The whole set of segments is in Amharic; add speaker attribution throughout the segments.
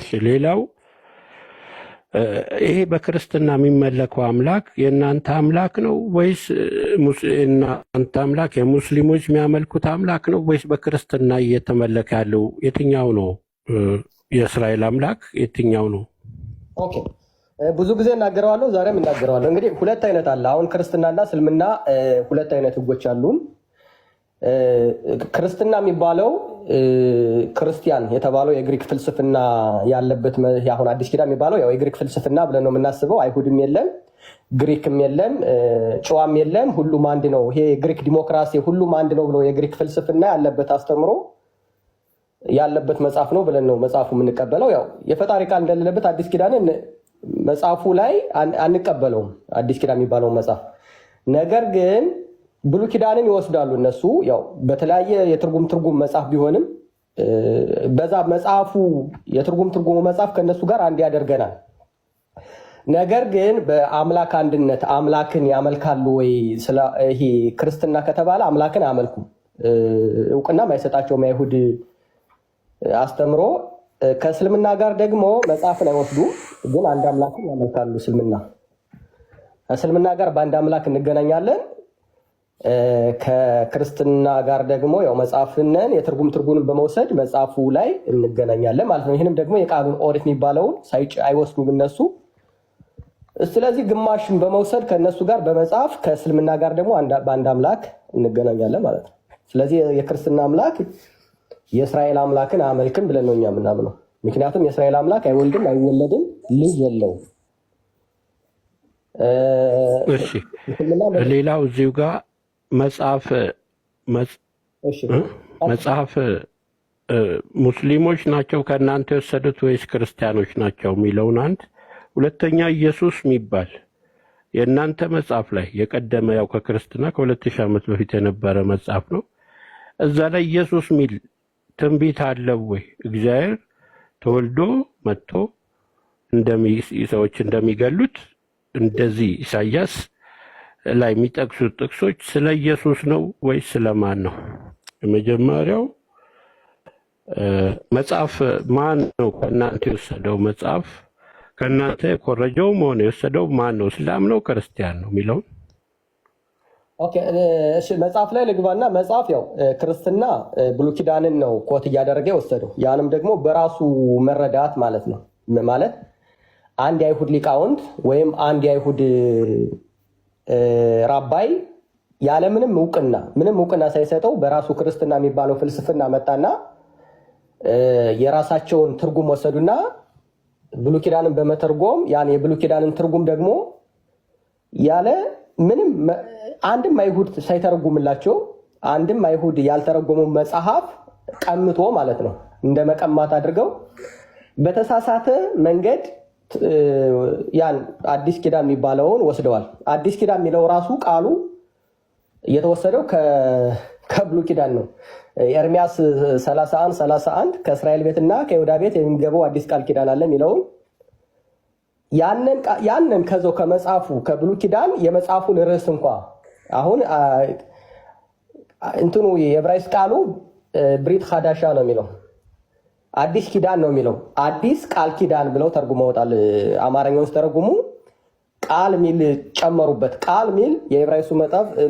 Speaker 1: እሺ ሌላው ይሄ በክርስትና የሚመለከው አምላክ የእናንተ አምላክ ነው ወይስ እናንተ አምላክ የሙስሊሞች የሚያመልኩት አምላክ ነው ወይስ በክርስትና እየተመለከ ያለው የትኛው ነው? የእስራኤል አምላክ የትኛው ነው?
Speaker 2: ኦኬ ብዙ ጊዜ እናገረዋለሁ፣ ዛሬም እናገረዋለሁ። እንግዲህ ሁለት አይነት አለ። አሁን ክርስትናና እስልምና ሁለት አይነት ህጎች አሉን። ክርስትና የሚባለው ክርስቲያን የተባለው የግሪክ ፍልስፍና ያለበት አሁን አዲስ ኪዳን የሚባለው ያው የግሪክ ፍልስፍና ብለን ነው የምናስበው። አይሁድም የለም፣ ግሪክም የለም፣ ጨዋም የለም፣ ሁሉም አንድ ነው። ይሄ የግሪክ ዲሞክራሲ ሁሉም አንድ ነው ብሎ የግሪክ ፍልስፍና ያለበት አስተምሮ ያለበት መጽሐፍ ነው ብለን ነው መጽሐፉ የምንቀበለው። ያው የፈጣሪ ቃል እንደሌለበት አዲስ ኪዳንን መጽሐፉ ላይ አንቀበለውም፣ አዲስ ኪዳን የሚባለውን መጽሐፍ ነገር ግን ብሉ ኪዳንን ይወስዳሉ እነሱ ያው በተለያየ የትርጉም ትርጉም መጽሐፍ ቢሆንም በዛ መጽሐፉ የትርጉም ትርጉሙ መጽሐፍ ከእነሱ ጋር አንድ ያደርገናል። ነገር ግን በአምላክ አንድነት አምላክን ያመልካሉ ወይ? ይሄ ክርስትና ከተባለ አምላክን አመልኩ እውቅና አይሰጣቸውም አይሁድ አስተምሮ። ከእስልምና ጋር ደግሞ መጽሐፍን አይወስዱም፣ ግን አንድ አምላክን ያመልካሉ። እስልምና እስልምና ጋር በአንድ አምላክ እንገናኛለን ከክርስትና ጋር ደግሞ ያው መጽሐፍነን የትርጉም ትርጉምን በመውሰድ መጽሐፉ ላይ እንገናኛለን ማለት ነው። ይህንም ደግሞ የቃሉን ኦሪት የሚባለውን አይወስዱም እነሱ። ስለዚህ ግማሽን በመውሰድ ከእነሱ ጋር በመጽሐፍ ከእስልምና ጋር ደግሞ በአንድ አምላክ እንገናኛለን ማለት ነው። ስለዚህ የክርስትና አምላክ የእስራኤል አምላክን አመልክም ብለን ነው እኛ የምናምነው። ምክንያቱም የእስራኤል አምላክ አይወልድም፣ አይወለድም፣ ልጅ የለውም።
Speaker 1: ሌላው እዚሁ ጋር መጽሐፍ መጽሐፍ ሙስሊሞች ናቸው ከእናንተ የወሰዱት ወይስ ክርስቲያኖች ናቸው የሚለውን አንድ፣ ሁለተኛ ኢየሱስ የሚባል የእናንተ መጽሐፍ ላይ የቀደመ ያው ከክርስትና ከሁለት ሺህ ዓመት በፊት የነበረ መጽሐፍ ነው። እዛ ላይ ኢየሱስ የሚል ትንቢት አለው ወይ? እግዚአብሔር ተወልዶ መጥቶ ሰዎች እንደሚገሉት እንደዚህ ኢሳያስ ላይ የሚጠቅሱት ጥቅሶች ስለ ኢየሱስ ነው ወይስ ስለ ማን ነው? የመጀመሪያው መጽሐፍ ማን ነው ከእናንተ የወሰደው? መጽሐፍ ከእናንተ የኮረጀውም ሆነ የወሰደው ማን ነው? እስላም ነው ክርስቲያን ነው የሚለውን
Speaker 2: መጽሐፍ ላይ ልግባና መጽሐፍ ያው ክርስትና ብሉይ ኪዳንን ነው ኮት እያደረገ የወሰደው ያንም ደግሞ በራሱ መረዳት ማለት ነው። ማለት አንድ የአይሁድ ሊቃውንት ወይም አንድ የአይሁድ ራባይ ያለምንም እውቅና ምንም እውቅና ሳይሰጠው በራሱ ክርስትና የሚባለው ፍልስፍና መጣና የራሳቸውን ትርጉም ወሰዱና ብሉይ ኪዳንን በመተርጎም ያን የብሉይ ኪዳንን ትርጉም ደግሞ ያለ ምንም አንድም አይሁድ ሳይተረጉምላቸው አንድም አይሁድ ያልተረጎመው መጽሐፍ ቀምቶ ማለት ነው እንደ መቀማት አድርገው በተሳሳተ መንገድ ያን አዲስ ኪዳን የሚባለውን ወስደዋል። አዲስ ኪዳን የሚለው ራሱ ቃሉ የተወሰደው ከብሉ ኪዳን ነው። ኤርሚያስ 31 31 ከእስራኤል ቤትና ከይሁዳ ቤት የሚገባው አዲስ ቃል ኪዳን አለ የሚለውን ያንን ከዛው ከመጽሐፉ ከብሉ ኪዳን የመጽሐፉን ርዕስ እንኳ አሁን እንትኑ የዕብራይስጥ ቃሉ ብሪት ሀዳሻ ነው የሚለው አዲስ ኪዳን ነው የሚለው አዲስ ቃል ኪዳን ብለው ተርጉመውታል። አማርኛውን ተረጉሙ ቃል ሚል ጨመሩበት። ቃል ሚል የዕብራይስጡ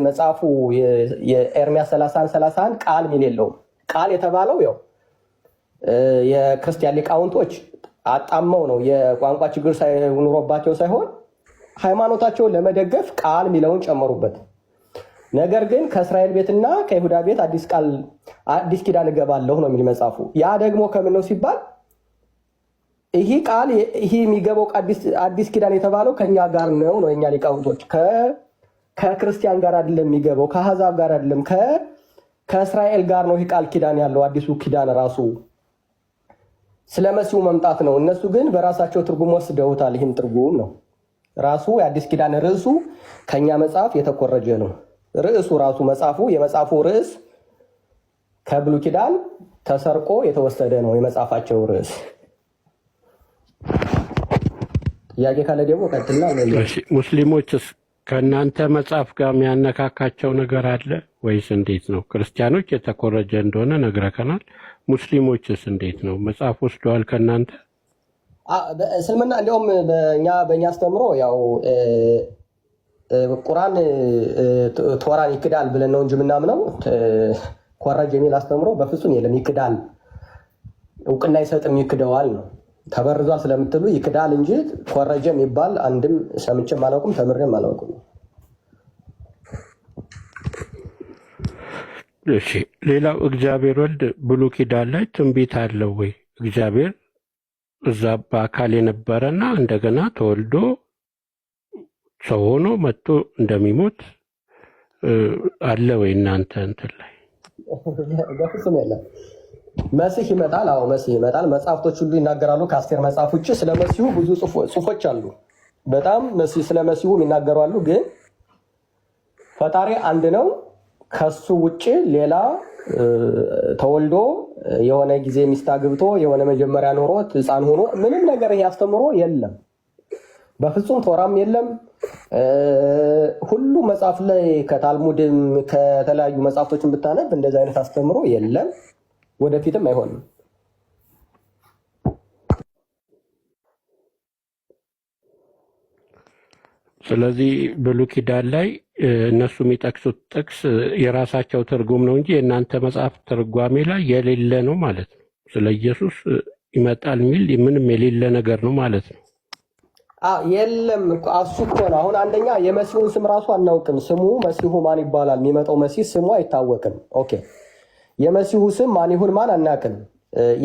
Speaker 2: መጽሐፉ የኤርሚያስ 31 31 ቃል ሚል የለውም። ቃል የተባለው ያው የክርስቲያን ሊቃውንቶች አጣመው ነው የቋንቋ ችግር ኑሮባቸው ሳይሆን ሃይማኖታቸውን ለመደገፍ ቃል ሚለውን ጨመሩበት። ነገር ግን ከእስራኤል ቤትና ከይሁዳ ቤት አዲስ ቃል አዲስ ኪዳን እገባለሁ ነው የሚል መጽሐፉ። ያ ደግሞ ከምን ነው ሲባል ይህ ቃል ይህ የሚገባው አዲስ ኪዳን የተባለው ከኛ ጋር ነው ነው የኛ ሊቃውንቶች ከክርስቲያን ጋር አይደለም የሚገባው፣ ከአሕዛብ ጋር አይደለም፣ ከእስራኤል ጋር ነው ይህ ቃል ኪዳን ያለው አዲሱ ኪዳን ራሱ ስለ መሲሁ መምጣት ነው። እነሱ ግን በራሳቸው ትርጉም ወስደውታል። ይህም ትርጉም ነው ራሱ የአዲስ ኪዳን ርዕሱ ከእኛ መጽሐፍ የተኮረጀ ነው። ርዕሱ ራሱ መጽሐፉ የመጽሐፉ ርዕስ ከብሉ ኪዳን ተሰርቆ የተወሰደ ነው። የመጽሐፋቸው ርዕስ ጥያቄ ካለ ደግሞ ቀጥላ።
Speaker 1: ሙስሊሞችስ ከእናንተ መጽሐፍ ጋር የሚያነካካቸው ነገር አለ ወይስ እንዴት ነው? ክርስቲያኖች የተኮረጀ እንደሆነ ነግረከናል። ሙስሊሞችስ እንዴት ነው? መጽሐፍ ወስደዋል ከእናንተ?
Speaker 2: እስልምና እንዲሁም በእኛ አስተምሮ ያው ቁርአን ቶራን ይክዳል ብለን ነው እንጂ የምናምነው ኮረጅ የሚል አስተምሮ በፍጹም የለም። ይክዳል እውቅና ይሰጥም ይክደዋል ነው ተበርዟል ስለምትሉ ይክዳል እንጂ ኮረጀ የሚባል አንድም ሰምቼም አላውቅም፣ ተምሬም አላውቅም።
Speaker 1: እሺ፣ ሌላው እግዚአብሔር ወልድ ብሉይ ኪዳን ላይ ትንቢት አለው ወይ? እግዚአብሔር እዛ በአካል የነበረና እንደገና ተወልዶ ሰው ሆኖ መጥቶ እንደሚሞት አለ ወይ እናንተ እንትን ላይ?
Speaker 2: በፍጹም የለም። መሲህ ይመጣል። አዎ መሲህ ይመጣል። መጽሐፍቶች ሁሉ ይናገራሉ። ከአስቴር መጽሐፍ ውጭ ስለ መሲሁ ብዙ ጽሁፎች አሉ። በጣም ስለ መሲሁ ይናገሩ አሉ። ግን ፈጣሪ አንድ ነው። ከሱ ውጭ ሌላ ተወልዶ የሆነ ጊዜ ሚስት አግብቶ የሆነ መጀመሪያ ኖሮት ህፃን ሆኖ ምንም ነገር ያስተምሮ የለም። በፍጹም ቶራም የለም። ሁሉ መጽሐፍ ላይ ከታልሙድም ከተለያዩ መጽሐፍቶችን ብታነብ እንደዚ አይነት አስተምሮ የለም፣ ወደፊትም አይሆንም።
Speaker 1: ስለዚህ ብሉይ ኪዳን ላይ እነሱ የሚጠቅሱት ጥቅስ የራሳቸው ትርጉም ነው እንጂ የእናንተ መጽሐፍ ትርጓሜ ላይ የሌለ ነው ማለት ነው። ስለ ኢየሱስ ይመጣል የሚል ምንም የሌለ ነገር ነው ማለት ነው።
Speaker 2: የለም እሱ እኮ ነው። አሁን አንደኛ የመሲሁን ስም ራሱ አናውቅም። ስሙ መሲሁ ማን ይባላል? የሚመጣው መሲህ ስሙ አይታወቅም። ኦኬ የመሲሁ ስም ማን ይሁን ማን አናውቅም።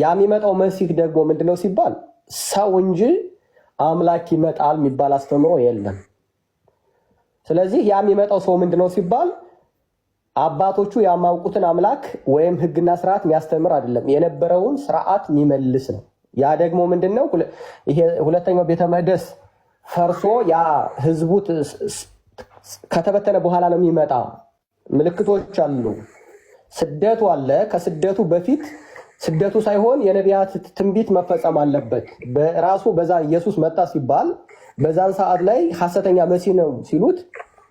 Speaker 2: ያ የሚመጣው መሲህ ደግሞ ምንድነው ሲባል ሰው እንጂ አምላክ ይመጣል የሚባል አስተምሮ የለም። ስለዚህ ያ የሚመጣው ሰው ምንድነው ሲባል አባቶቹ ያማውቁትን አምላክ ወይም ሕግና ስርዓት የሚያስተምር አይደለም፣ የነበረውን ስርዓት የሚመልስ ነው። ያ ደግሞ ምንድን ነው? ሁለተኛው ቤተ መቅደስ ፈርሶ ያ ህዝቡ ከተበተነ በኋላ ነው የሚመጣ። ምልክቶች አሉ። ስደቱ አለ። ከስደቱ በፊት ስደቱ ሳይሆን የነቢያት ትንቢት መፈጸም አለበት። በራሱ በዛ ኢየሱስ መጣ ሲባል በዛን ሰዓት ላይ ሐሰተኛ መሲህ ነው ሲሉት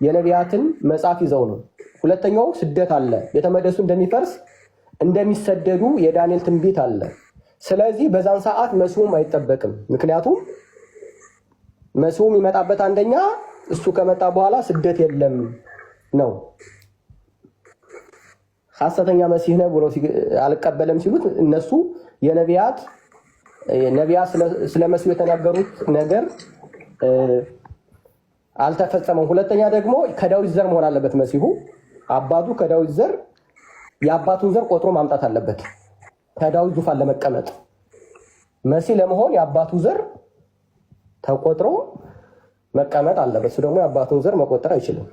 Speaker 2: የነቢያትን መጽሐፍ ይዘው ነው። ሁለተኛው ስደት አለ። የተመደሱ እንደሚፈርስ እንደሚሰደዱ የዳንኤል ትንቢት አለ። ስለዚህ በዛን ሰዓት መሲሁም አይጠበቅም። ምክንያቱም መሲሁ የሚመጣበት አንደኛ እሱ ከመጣ በኋላ ስደት የለም ነው። ሐሰተኛ መሲህ ነው ብሎ አልቀበለም ሲሉት እነሱ የነቢያት ነቢያት ስለ መሲሁ የተናገሩት ነገር አልተፈጸመም። ሁለተኛ ደግሞ ከዳዊት ዘር መሆን አለበት መሲሁ አባቱ ከዳዊት ዘር የአባቱን ዘር ቆጥሮ ማምጣት አለበት። ከዳዊት ዙፋን ለመቀመጥ መሲህ ለመሆን የአባቱ ዘር ተቆጥሮ መቀመጥ አለበት። እሱ ደግሞ የአባቱን ዘር መቆጠር አይችልም።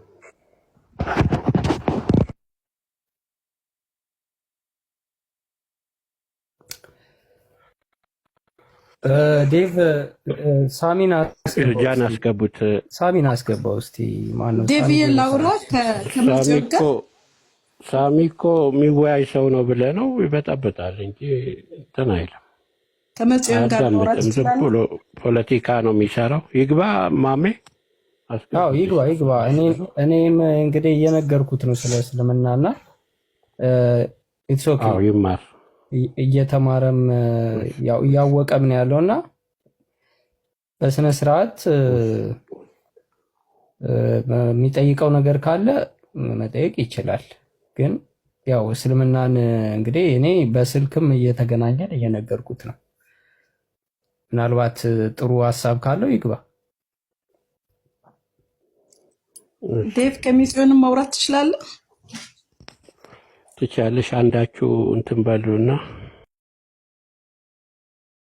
Speaker 3: ዴቭ ሳሚን አስገቡት። ሳሚን አስገባው እስኪ
Speaker 4: ማነው? ላውራ
Speaker 1: ሳሚ እኮ የሚወያይ ሰው ነው ብለህ ነው ይበጣበጣል እንጂ እንትን አይልም።
Speaker 4: ከመጽዮን ጋር
Speaker 1: ማውራት ይችላል። ፖለቲካ ነው የሚሰራው። ይግባ ማሜ
Speaker 3: አዎ ይግባ ይግባ። እኔም እንግዲህ እየነገርኩት ነው ስለ እስልምናና ይማር እየተማረም እያወቀም ነው ያለው እና በስነ ስርዓት የሚጠይቀው ነገር ካለ መጠየቅ ይችላል። ግን ያው እስልምናን እንግዲህ እኔ በስልክም እየተገናኘን እየነገርኩት ነው ምናልባት ጥሩ ሀሳብ ካለው ይግባ።
Speaker 4: ዴቭ ከሚስዮንም ማውራት ትችላለህ
Speaker 1: ትችላለሽ። አንዳችሁ እንትን በሉና